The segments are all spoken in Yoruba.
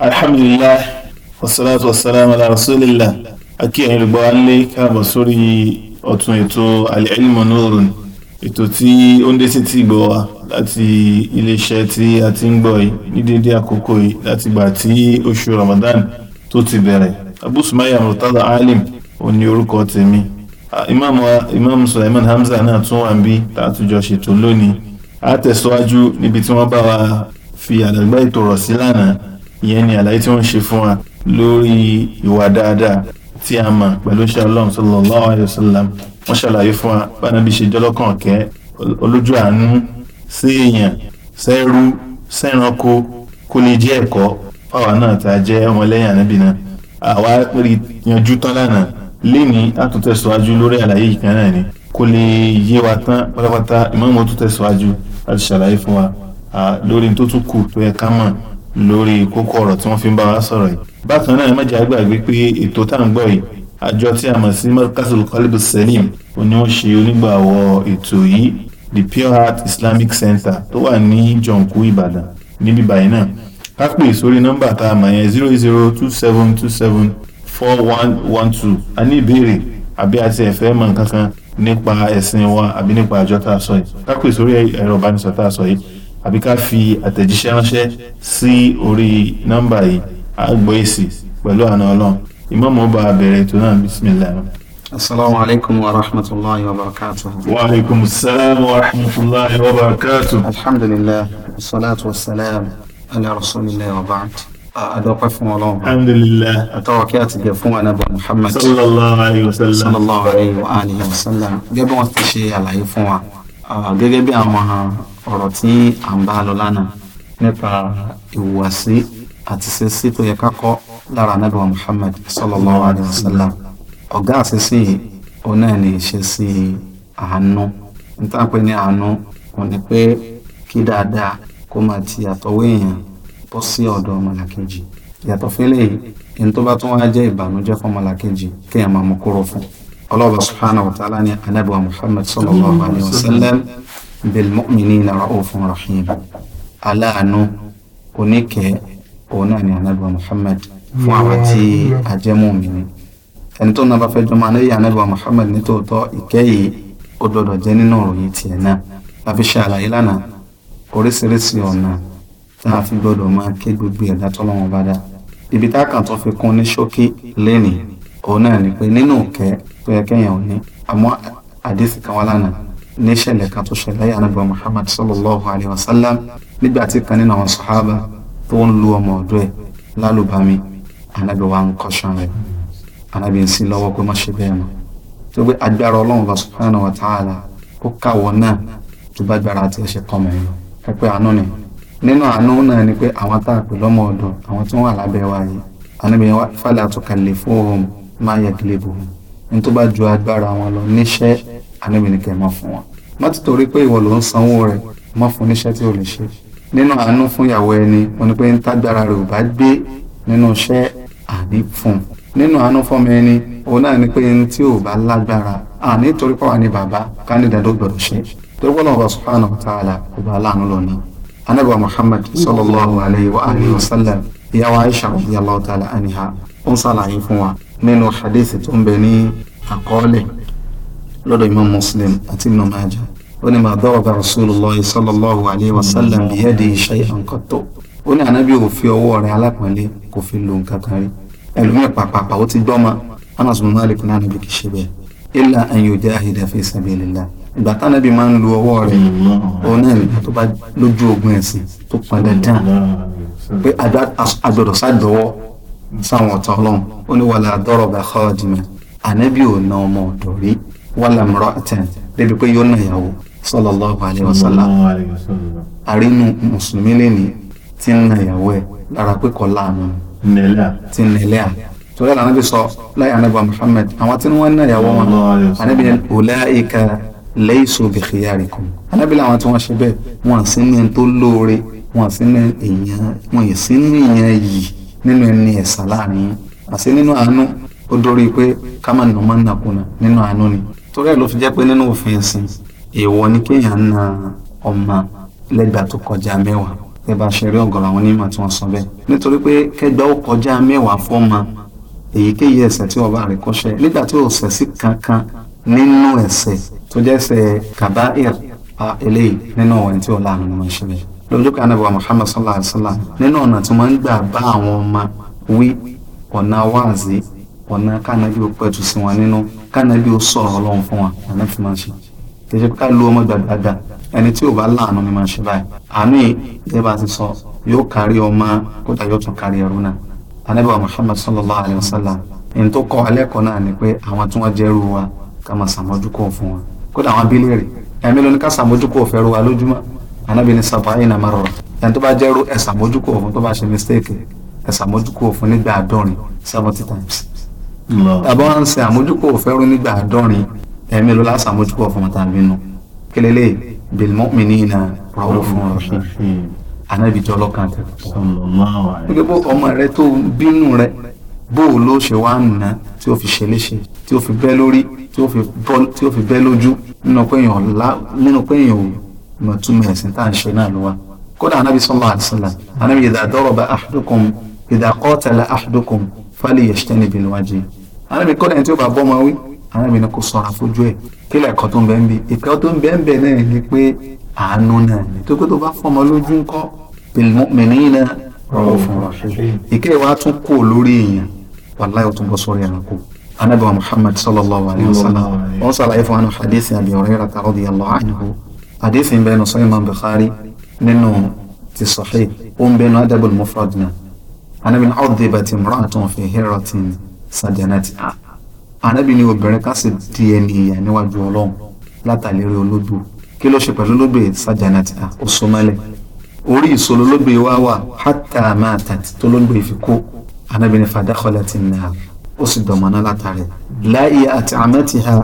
alhamdulillah wasalaatu wasalaamu ala rasulillah akí ẹ̀yin olùgbọ́ alẹ́ káàbọ̀ sórí ọ̀tún ètò al-ilmu nurun ètò tí ó ń dé sí ti gbọ́ wa láti iléeṣẹ́ tí a ti ń gbọ́ yìí ní déédéé àkókò yìí láti gbà tí oṣù ramadan tó ti bẹ̀rẹ̀ abu sumaya murtada alim ò ní orúkọ tèmi imaamu imaamu sulaiman hamza náà tún wà ń bí tá ṣètò lónìí a tẹ̀síwájú níbi tí wọ́n bá wa fi àdàgbà ètò rọ̀ sí lánàá ìyẹn ni àlàyé tí wọ́n ṣe fún wa lórí ìwà dáadáa tí a mọ̀ pẹ̀lú iṣẹ́ ọlọ́run sallallahu alayhi wa sallam wọ́n ṣàlàyé fún wa bánabi ṣe jọlọ́kàn kẹ́ olójú àánú sí èèyàn sẹ́rú sẹ́ranko kó lè jẹ́ ẹ̀kọ́ fáwa náà tá a jẹ́ ọmọlẹ́yìn ànábì náà àwa rí yanjú tán lánàá léni àtúntẹ̀síwájú lórí àlàyé yìí kan náà ni kó lè yé wa tán pátápátá ìmọ̀ọ́mọ́ tó tẹ̀síwájú láti ṣàlàyé fún wa lórí tó tó yẹ ká mọ̀ lórí kókó ọ̀rọ̀ tí wọ́n fi ń bá wa sọ̀rọ̀ yìí. bákan náà má jẹ́ àgbàgbé pé ètò tá à ń gbọ́ yìí àjọ tí a mọ̀ sí Markazul Qalbi Salim ni wọ́n ṣe onígbàwọ̀ ètò yìí the Pure Heart Islamic Center tó wà ní jọ̀ǹkú Ìbàdàn níbí báyìí náà ká pè sórí nọ́mbà tá a mọ̀ yẹn zero zero two seven two seven four one one two a ní ìbéèrè àbí àti ẹ̀fẹ́ mọ̀ nǹkan kan nípa ẹ̀sìn wa àbí nípa àjọ tá a sọ yìí ká pè sórí ẹ̀rọ ìbánisọ̀ tá a sọ yìí àbí ká fi àtẹ̀jíṣẹ́ ránṣẹ́ sí orí nọ́mbà yìí àgbọ̀ èsì pẹ̀lú àna ọlọ́run ìmọ̀mọ́ bá a bẹ̀rẹ̀ ètò náà bisimilayi. asalaamu wa rahmatulahi wa barakatuh. wa alaykum salaam wa rahmatulahi wa barakatuh. alhamdulilah wasalaatu wasalaam ala rasulillah wa baad. adọ́pẹ́ fún ọlọ́run. alhamdulilah. àtọ́wọ́ kí a ti jẹ fún anabi muhammad. sallallahu alayhi wa sallam. sallallahu alayhi wa alihi wa sallam. gẹ́gẹ́ bí wọ́n ti ṣe àlàyé fún wa gẹ́gẹ́ bí àwọn ọ̀rọ̀ tí à ń bá lọ lánàá nípa ìhùwàsí àti ṣíṣí tó yẹ ká kọ́ lára anábìwá Muhammad sallallahu alayhi wa sallam ọ̀gá àṣìṣe òun náà ní ìṣesí àánú níta pé ní àánú kò ní pé kí dáadáa kó máa ti àtọwọ́ èèyàn bọ́ sí ọ̀dọ̀ ọmọlàkejì yàtọ̀ fẹ́lẹ̀ yìí ẹni tó bá tún wá jẹ́ ìbànújẹ́ fún ọmọlàkejì kéèyàn máa mú kúrò fún ọlọ́ọ̀bà subhanahu wa ta'ala ni anábìwá Muhammad sallallahu alayhi wa bilmu'minina ra'ufun rahim aláàánú oníkẹ́ òun náà ni anabi muhammad fún àwa tí a jẹ́ mùmínì ẹni tó náà bá fẹ́ jọmọ anáyẹ anabi muhammad nítòótọ́ ìkẹ́ yìí ó gbọdọ̀ jẹ́ nínú òròyìn tiẹ̀ náà láfi ṣe àlàyé lánàá oríṣiríṣi ọ̀nà tí a fi gbọdọ̀ máa ké gbogbo ẹ̀dá tọ́lọ́wọ́n bá dá ibi tá a kàn tó fi kún ní ṣókí lẹ́nìí òun náà ni pé nínú òkè tó yẹ kéèyàn ò ní àmọ́ àdéhùn kan wá lánàá níṣẹ̀lẹ̀ kan tó ṣẹlẹ̀ yà nàbẹ̀ Muhammad sallallahu alayhi wa sallam nígbà tí kan nínú àwọn sàhábà tó ń lu ọmọ ọ̀dọ̀ ẹ̀ lálùbami ànábẹ̀ wa ń kọ́ṣán rẹ̀ ànábẹ̀ ń sin lọ́wọ́ pé má ṣe bẹ́ẹ̀ mọ́ tó gbé agbára ọlọ́run bá subhanahu wa ta'ala ó káwọ́ náà tó bá gbára àti ẹ̀ṣẹ̀ kọ́ mọ́ ẹ pé àánú ni nínú àánú náà ni pé àwọn tá a pè lọ́mọ ọ̀dọ̀ àwọn tó wà lábẹ́ wa yìí ànábẹ̀ fala tukallifuhum ma yaklibuhum ní tó bá ju agbára wọn lọ níṣẹ́ ànábì ní kẹ́ ẹ má fún wọn má ti torí pé ìwọ ló ń sanwó rẹ má fún níṣẹ́ tí o lè ṣe nínú àánú fún ìyàwó ẹni wọn ni pé ń tágbára rẹ ò bá gbé nínú iṣẹ́ àní fún un nínú àánú fún mi ẹni òun náà ni pé ẹni tí ò bá lágbára àní torí pé wà ní bàbá ká ní dandan gbọ́dọ̀ ṣe torí pé Ọlọ́run subhanahu wa ta'ala kò bá láàánú lọ ni anabi muhammad sallallahu alayhi wa alihi wa sallam ìyá lọ́dọ̀ imam muslim àti ibn majah ó ní ma daraba rasulullah sallallahu alayhi wa sallam biyadihi shay'an qattu ó ní ànábì ò fi ọwọ́ rẹ̀ alápọ̀nlé kò fi lo nǹkan kan rí ẹlòmíràn pàpàpà ó ti gbọ́mọ anas bin malik náà níbi kì í ṣe bẹ́ẹ̀ illa an yujahida fi sabilillah ìgbà tánábì máa ń lo ọwọ́ rẹ̀ òun náà nígbà tó bá lójú ogun ẹ̀sìn tó pọn dandan pé agbọ́dọ̀ sádọ́wọ́ sáwọn ọ̀tá ọlọ́run ó ní wàlá daraba khadiman ànábì ò ná ọmọ ọ̀dọ̀ rí wàlà mùrọ̀tẹ̀n débi pé yóò nà ìyàwó sallallahu alayhi wa sallam àrínú mùsùlùmí lẹ́ni tí ń nà ìyàwó ẹ̀ lára pé kọ́ láàánú tí ń nílẹ̀ à torí àlànà bí sọ láyé anábà Muhammad àwọn tí wọ́n nà ìyàwó wọn anábì ulaika laysu bi khiyarikum anábì làwọn tí wọ́n ṣe bẹ́ẹ̀ wọ́n sì ní tó lóore wọ́n sì ní èèyàn wọ́n yìí sí ní èèyàn yìí nínú ẹni ẹ̀sà láàrin àti nínú àánú ó dórí pé ká má nà má nàkúnà nínú ni torí ẹ̀ ló fi jẹ́ pé nínú òfin ẹ̀sìn èèwọ̀ ni kéèyàn na ọmọ lẹ́gbàá tó kọjá mẹ́wàá ẹ bá ṣe rí ọ̀gọ̀rọ̀ àwọn onímọ̀ tí wọ́n sọ bẹ́ẹ̀ nítorí pé kẹgbẹ́ ó kọjá mẹ́wàá fọ́mọ èyíkéyìí ẹ̀ṣẹ̀ tí ọba rẹ̀ kọ́ṣẹ̀ nígbà tí ò ṣẹ̀ sí kankan nínú ẹ̀ṣẹ̀ tó jẹ́ ẹ̀ṣẹ̀ kàbáìr eléyìí nínú ọ̀rẹ́ tí ọ̀la àmì wọn ṣe lójú kan náà Muhammad sallallahu alayhi wa sallam nínú ọ̀nà tí wọ́n ń gbà bá àwọn ọmọ wí ọ̀nà wáàzí ọ̀nà kánábí pẹ̀tù sí wọn nínú kánàbí ó sọ̀rọ̀ ọlọ́run fún wa ànábì máa ń ṣe kì í ṣe pé ká lu ọmọ gbàgbàgbà ẹni tí ò bá láàánú ni máa ń ṣe báyìí àánú yìí gẹ́gẹ́ bá ti sọ yóò kárí ọmọ kódà yóò tún kárí ẹrú náà ànábì wa Muhammad sallallahu alayhi wa sallam ẹni tó kọ́ alẹ́kọ̀ọ́ náà ni pé àwọn tí wọ́n jẹ́rú wa ká máa ṣàmójúkò fún wa kódà àwọn abílẹ̀ rẹ̀ ẹ̀mí ló ní ká ṣàmójúkò fẹ́rù wa lójúmọ́ ànábì ní sab'ina marra ẹni tó bá jẹ́rú ẹ fún tó bá ṣe mistake ẹ fún nígbà àádọ́rin seventy times bàbá wa ń sin àmójúkò òfẹ́rú nígbà àádọ́rin ẹ̀mí ló lásán àmójúkò ọ̀fọ̀mọ́ tàbí nù kílélẹ̀ bilmu'minina raufun rahim anábì jọ lọ́kàn tẹ̀. wípé bó ọmọ rẹ tó bínú rẹ bó o ló ṣe wá nà tí ó fi ṣe léṣe tí ó fi bẹ́ lórí tí ó fi bẹ́ lójú nínú pé èèyàn ọ̀la nínú pé èèyàn ò mọ̀ túmọ̀ ẹ̀sìn tá à ń ṣe náà ló wá. kódà anábì sallallahu alaihi anábì idha daraba ahadukum idha qatala ahadukum fali yashtani bil arábì kọ́ lẹ́yìn tí ó bá bọ́ ọmọ wí arábì ni kò sọ̀rọ̀ fojú ẹ̀ kí lẹ́ẹ̀kọ́ tó ń bẹ́ẹ̀ ń bẹ ìkẹ́ tó ń bẹ́ẹ̀ ń bẹ náà ni pé àánú náà ni tó pé tó bá fọmọ lójú ń kọ́ mẹ̀nìyìn náà rọ̀wọ̀ fún wa ìkẹ́ ìwà tún kú lórí èèyàn wàláyé ó tún bọ́ sórí ẹranko anabi wa muhammad sallallahu alayhi wa sallam wọn ti sahih ó ń bẹnu adabul mufrad náà anabi ni ọ̀dẹ̀bàtì sàdíà náà ti arábìnrin obìnrin kan sì di ẹni ìyà níwájú ọlọ́run látàlérí olódò kí ló ṣe pẹ̀lú olódò sàdíà ti orí ìṣòro olódò wa wà hátà máa tàtí tó olódò fi kó arábìnrin fàdákọ́lẹ̀ ti nà ó sì dọ̀mọ́ná látàrí láì àti àmẹ́tì ha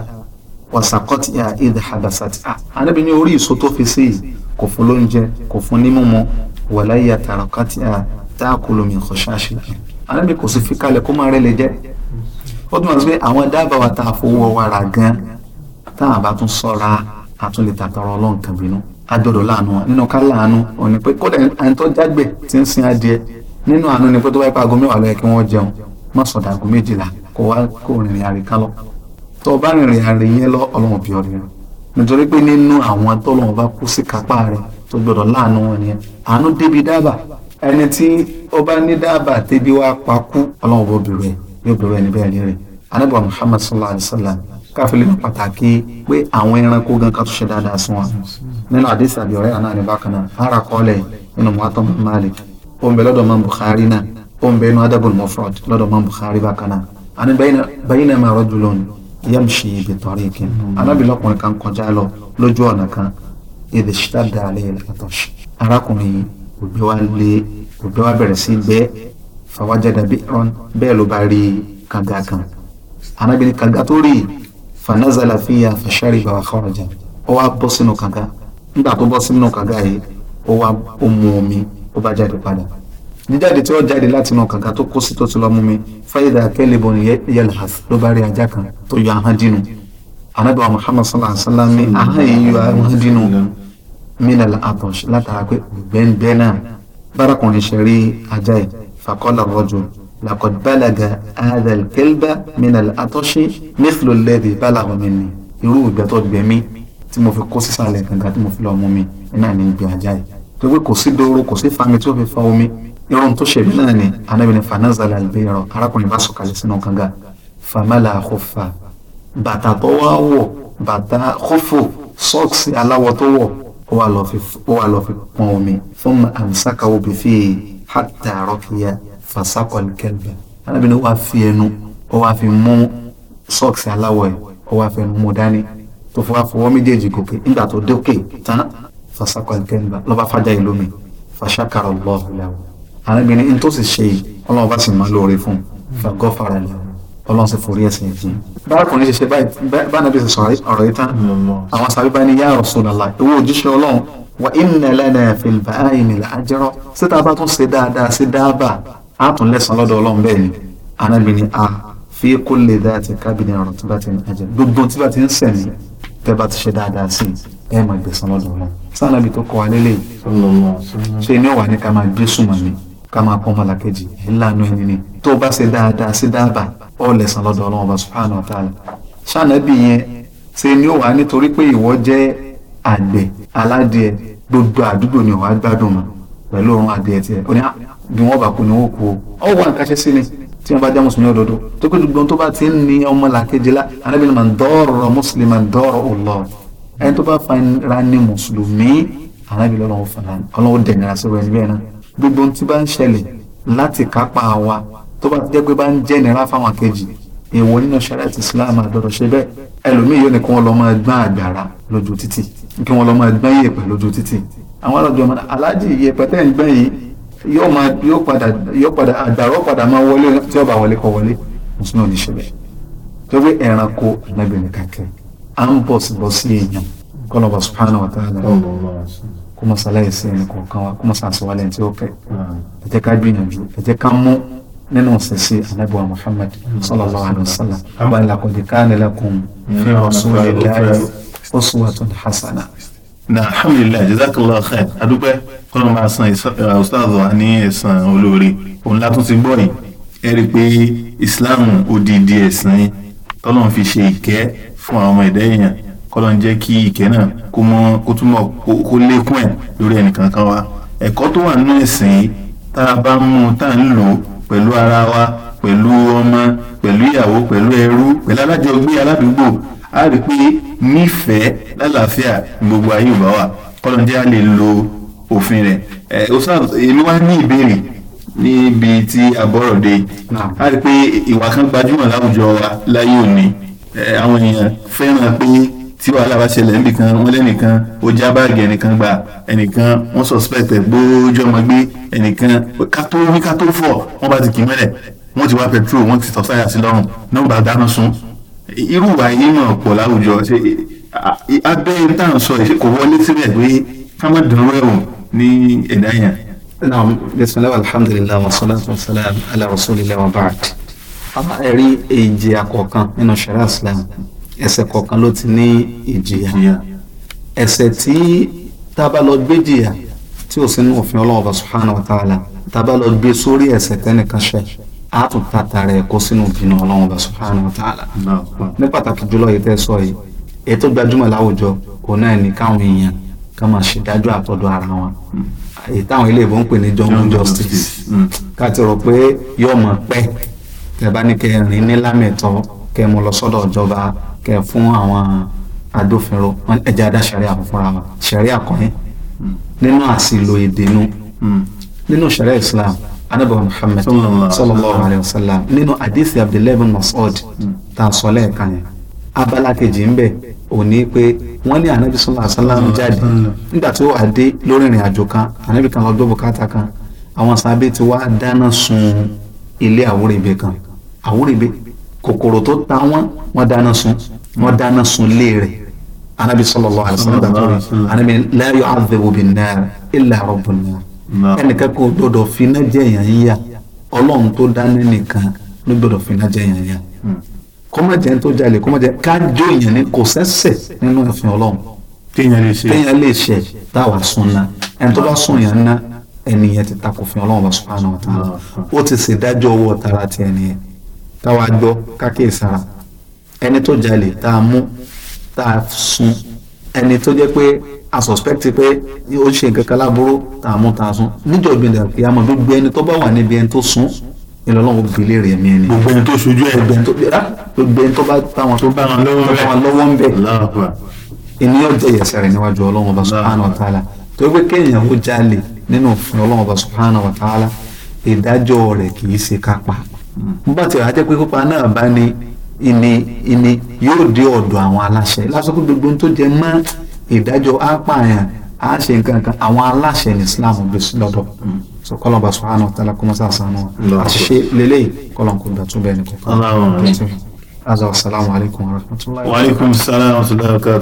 wàsàkọ́tì ha ìdè àdàsàtì ha arábìnrin orí ìṣó tó fi sí yìí kò fún lóúnjẹ kò fún ní mímu wàláyà tàràkàtì ha táàkùlùmí kò ṣáṣì lẹ́yìn arábìnrin kò sì fi kalẹ̀ kó máa rẹ̀ lè jẹ́ ó túmọ̀ sí pé àwọn dábàá wa tá a fowó wara gan tá a bá tún sọ́ra a tún lè tàtàrà ọlọ́run kan bínú a gbọ́dọ̀ láàánú wọn nínú ká láàánú wọn ni pé kódà ẹni tó jágbẹ̀ tí ń sin adìẹ nínú àánú ni pé tó bá yẹ pé aago mẹ́wàá ló yẹ kí wọ́n jẹun má sọ̀dà aago méjìlá kó wá kó rìnrìn àrè ká lọ tó o bá rìnrìn àrè yẹn lọ ọlọ́run bí ọ̀rẹ́ rẹ nítorí pé nínú àwọn tọ́lọ́run bá kú sí kápá rẹ tó gbọ́dọ̀ láàánú wọn nìyẹn àánú débi dábàá ẹni tí ó bá ní dábàá débi wá pa kú ọlọ́run bó bèrè yóò bẹ̀rù ẹni bẹ́ẹ̀ léèrè anábọ̀ Muhammad sallallahu alayhi wa sallam káfílẹ̀ ní pàtàkì pé àwọn ẹranko gan kan tó ṣe dáadáa sí wọn nínú àdéhùn àbí ọ̀rẹ́ àná ni bákan náà ara kọ́lẹ̀ nínú muwatta Malik ó ń bẹ lọ́dọ̀ mọ́ Bukhari náà ó ń bẹ inú adabul mufrad lọ́dọ̀ mọ́ Bukhari bákan náà àní baynama rajulun yamshi bi tariqin anábì lọ́kùnrin kan kọjá lọ lójú ọ̀nà kan idh ishtadda alayhi al-'atash arákùnrin òbí wa lé òbí wa bẹ̀rẹ̀ sí bẹ́ẹ̀ fàwájàdà bi'ran bẹ́ẹ̀ ló bá rí kànga kan anábìíní kànga tó rí fanazala fiya fashariba wa kharaja ó wá bọ́ sínú kànga nígbà tó bọ́ sínú kànga yìí ó wá ó mu omi ó bá jáde padà jíjáde tí ó jáde láti inú kànga tó kó sí tó ti lọ mú mi fáyidà kẹlẹbọ ni yẹlẹhàf ló bá rí ajá kan tó yọ ahọ́n dínú anabi muhammad sallallahu alaihi wa sallam ní ahọ́n yìí yọ ahọ́n dínú mina la atọ̀ṣ látara pé bẹ́ẹ̀ bẹ́ẹ̀ náà bárakùnrin ṣe rí ajá yìí فقال الرجل لقد بلغ هذا الكلب من العطش مثل الذي بلغ مني irú ìgbẹ́ tó gbẹ mí tí mo fi kó sísàlẹ̀ kànga tí mo fi lọ mú mi iná ní ibi ajá yìí tó pé kò sí dóró kò sí fami tí ó fi fa omi irun tó ṣe mí náà ni anábìrin fanazala albeirọ arákùnrin bá sọ̀kalẹ̀ sínú kànga famala àkọfà bàtà tó wá wọ̀ bàtà kófò sọ́ọ̀sì aláwọ̀ tó wọ̀ ó wà lọ́ọ́ fi pọn omi fún àmì sákàwọ́ bí fíì hàtà rọ́kìyà fàṣàkọ̀lì kẹlbà alábì ni ó wá fi ẹnu ó wá fi mú sọ́ọ̀kì aláwọ̀ ẹ̀ ó wá fi mú dání tó fi wá fọwọ́ méjèèjì gòkè nígbà tó dókè tán fàṣàkọ̀lì kẹlbà lọ́ba fàjà ìlú mi fàṣàkàrọ̀ lọ́ọ̀hù làwọ̀ alábì ni n tó sì ṣe ọlọ́run bá sì máa lóore fún un fàgọ́fàrà làwọ̀ ọlọ́run sì forí ẹ̀sìn ẹ̀jìn. bárakùnrin ṣe ṣe báyìí bá nàbí ṣe sọ̀rọ̀ yìí tán àwọn sàbíbá ni yá Rasulullah owó òjíṣẹ́ ọlọ́run wà inna lana fil baha'imi l'ajra síta bá tún ṣe dáadáa sí dáàbà á tún lẹ́sàn lọ́dọ̀ ọlọ́run bẹ́ẹ̀ ni anábì ni a fi kulli dhati kabidin ọ̀rọ̀ tí bá ti ń ajẹ́ gbogbo tí bá ti ń sẹ̀mí tẹ́ bá ti ṣe dáadáa sí ẹ máa gbẹ̀sán lọ́dọ̀ ọlọ́run sànàbì tó kọ́ alẹ́ lẹ́yìn ṣe ni ó wà ní ká máa gbé sùnmọ̀ mi ká máa pọ́n malakeji ìlànà ẹni ni tó bá ṣe dáadáa sí dáàbà ó lẹ́sàn lọ́dọ̀ ọlọ́run ọba subhanahu wa ta'ala sànàbì yẹn ṣe ni ó wà nítorí pé ìwọ jẹ́ àgbẹ̀ aládìẹ gbogbo àdúgbò ni òun á gbádùn mọ́ pẹ̀lú òun àdìẹ tiẹ̀ ó ní ah, bí wọ́n bá kú ni wọ́n kú o ọ̀wọ́ nǹkan ṣe sí ni tí wọ́n bá jẹ́ mùsùlùmí òdodo tó pé gbogbo tó bá ti ń ní ọmọ làkejì la anábìyẹn máa ń dọ́ọ̀rọ̀ mùsùlùmí máa ń dọ́ọ̀rọ̀ Allah ẹni tó bá fa ra ní mùsùlùmí anábìyẹn ọlọ́run fàlà ọlọ́run dẹ̀nira sọ̀rọ̀ ẹni bẹ́ẹ̀ náà gbogbo tí bá ń ṣẹlẹ̀ láti kápá wa tó bá jẹ́ pé bá ń jẹ́ nira fáwọn kejì èèwọ̀ nínú ṣẹlẹ̀ àti Islam àgbọ̀dọ̀ ṣe bẹ́ẹ̀ ẹlòmíì yóò ní kí wọ́n lọ máa gbọ́n àgbàrá lójú títì kí wọ́n lọ máa gbọ́n yẹ̀pẹ̀ lójú títì àwọn alájọ ọmọdé aláàjì yẹ̀pẹ̀ tẹ́ ẹ̀ ń gbọ́n yìí yóò máa yóò padà yóò padà àgbàrá padà máa wọlé tí ọba wọlé kọ wọlé mùsùlùmí ò ní ṣẹlẹ̀ tó wí ẹranko ẹ̀nàbìnrin kankan à ń bọ̀ bọ̀ sí èèyàn kọ́nà bọ̀ subhanahu wa ta'ala kó mọ̀ sálẹ̀ sí ẹni kọ̀ọ̀kan wa kó mọ̀ sàṣewálẹ̀ tí ó fẹ́ ẹ jẹ́ ká gbìyànjú ẹ jẹ́ ká mú nínú sẹsẹ anabi muhammad sallallahu alaihi wa sallam wa kanilakun fi rasulillahi uswatun hasana. náà alhamdulilayi jazakallah khair adúpẹ́ kọ́nà máa san ustaz wa ní ẹ̀san olóore òun látún ti gbọ́ yìí ẹ rí i pé islam odidi ẹ̀sìn tọ́lọ́n fi ṣe ìkẹ́ fún àwọn ọmọ ẹ̀dá èèyàn kọ́lọ́n jẹ́ kí ìkẹ́ náà kó mọ́ kó túmọ̀ kó lékún ẹ̀ lórí ẹnìkankan wa ẹ̀kọ́ tó wà nínú ẹ̀sìn yìí tá a bá mú tá a ń lò pẹ̀lú ara wa pẹ̀lú ọmọ pẹ̀lú ìyàwó pẹ̀lú ẹrú pẹ̀lú alájọgbé aládùúgbò a rí pé nífẹ̀ẹ́ lálàáfíà gbogbo ayé ò bá wà kọ́lọ́dé a lè lo òfin rẹ̀ ẹ osaf èmi wá ní ìbéèrè níbi tí abọ́rọ̀dé a rí pé ìwà kan gbajúmọ̀ láwùjọ wa láyé òní àwọn èèyàn fẹ́ràn pé tí wàhálà bá ṣẹlẹ̀ nìkan wọ́n lẹ́nìkan ó já báàgì ẹnìkan gbà ẹnìkan wọ́n suspect ẹ̀ gbójú ọmọ gbé ẹnìkan kátó ní kátó fọ̀ wọ́n bá ti kì í mẹ́lẹ̀ wọ́n ti wá petrol wọ́n ti tọ́ sáyà sí lọ́rùn náà bá dáná sun irú ìwà yìí mọ̀ pọ̀ láwùjọ ṣe abẹ́ tá à ń sọ ìṣe kò wọlé síbẹ̀ pé ká má dùn rẹ̀ wọ̀n ní ẹ̀dá yẹn. naam bisimilayi alhamdulilayi wa salatu wa salam ala rasulilayi wa baad. ẹ̀rí ìjìyà kọ̀ọ̀kan nínú sharia islam ẹ̀ṣẹ̀ kọ̀ọ̀kan ló ti ní ìjìyà ẹ̀ṣẹ̀ tí tábà lọ gbé jìyà tí ò sínú òfin ọlọ́wọ́ bá subhanahu wa ta'ala tábà lọ gbé sórí ẹ̀ṣẹ̀ tẹ́nìkan ṣe a tún tàtà rẹ̀ kó sínú ìbínú ọlọ́run ọba subhanahu wa ta'ala ní pàtàkì jùlọ yìí tẹ́ sọ yìí ètò gbajúmọ̀ láwùjọ òun náà ní káwọn èèyàn ká máa ṣèdájọ́ àtọ̀dọ̀ ara wọn èyí táwọn ilé ìbò ń pè ní jungle justice ká ti rò pé yóò mọ̀ pẹ́ tẹ́ bá ní kẹ́ rìn ní lámẹ̀tọ́ kẹ́ mo lọ sọ́dọ̀ ìjọba kẹ́ fún àwọn agbófinró ẹ̀jẹ̀ adá ṣẹ̀rí àfúnra wa ṣẹ̀rí àkọ́yìn nínú àsìlò èdè hmm. nínú ṣẹ̀rí Islam anabi muhammed sallallahu alayhi wa sallam nínú hadisi abdullahi bin mas'ud hmm. tá a sọ lẹ́ẹ̀kan yẹn abala kejì ń bẹ òní pé wọ́n ní anabi sallallahu alayhi wa sallam jáde nígbà tó wà dé lórí ìrìn àjò kan anabi kan lọ gbé bùkátà kan àwọn sábẹ́ ti wá dáná sun ilé àwòrìbẹ kan àwòrìbẹ kòkòrò tó ta wọ́n wọ́n dáná sun wọ́n dáná sun lé rẹ̀ anabi sallallahu alayhi wa sallam anabi la yu'adhibu bin nar illa rabbun ẹnìkan kò gbọdọ̀ finá jẹ́ èèyàn yíyá ọlọ́run tó dání nìkan ló gbọdọ̀ finá hmm. jẹ́ èèyàn yíyá kọ́mọ̀jẹ́ tó jalè kọ́mọ̀jẹ́ kájọ èèyàn ní kò sẹ́sẹ̀ nínú ẹ̀fin ọlọ́run téèyàn lè ṣe táwa sun na ẹni tó bá sun yàn ná ẹnìyẹn ti takò fin ọlọ́run bá subhanahu wa ta'ala ah, ah. ó ti ṣèdájọ́ owó tara ti ẹnìyẹn táwa gbọ́ kákíyèsára ẹni tó jalè tá a mú tá a sun ẹni tó jẹ́ pé a suspect pé ó ṣe nǹkan kan láburú tá a mú tá a sún níjọba ilẹ̀ kí a mọ̀ gbogbo ẹni tó bá wà níbi ẹni tó sún ìlọlọ́wọ́ bèlè rẹ̀ mí ni. gbogbo ẹni tó ṣojú ẹ̀ ah, gbogbo ẹni tó bá táwọn tó bá wọn lọ́wọ́ ń bẹ̀ ènìyàn jẹ́ ìyẹ̀sẹ̀ rẹ̀ níwájú ọlọ́run ọba subhanahu wa ta'ala tó gbé kéèyàn ó jalè nínú òfin ọlọ́run ọba subhanahu wa ta'ala ìdájọ́ rẹ̀ kì í ṣe kápá. nígbà tí àjẹ́ pé kópa náà bá ní ìní ìní yóò dé ọ̀dọ̀ àwọn aláṣẹ lásìkò gbogbo tó jẹ mọ́ ìdájọ́ apààyàn á ṣe nǹkan kan àwọn aláṣẹ ní Islam bí lọ́dọ̀ hmm. so kọlọn ba subahana taala kọmọsa sanu wa a ṣe lele kọlọn ko datu bẹ nin ko kan. azawasalamu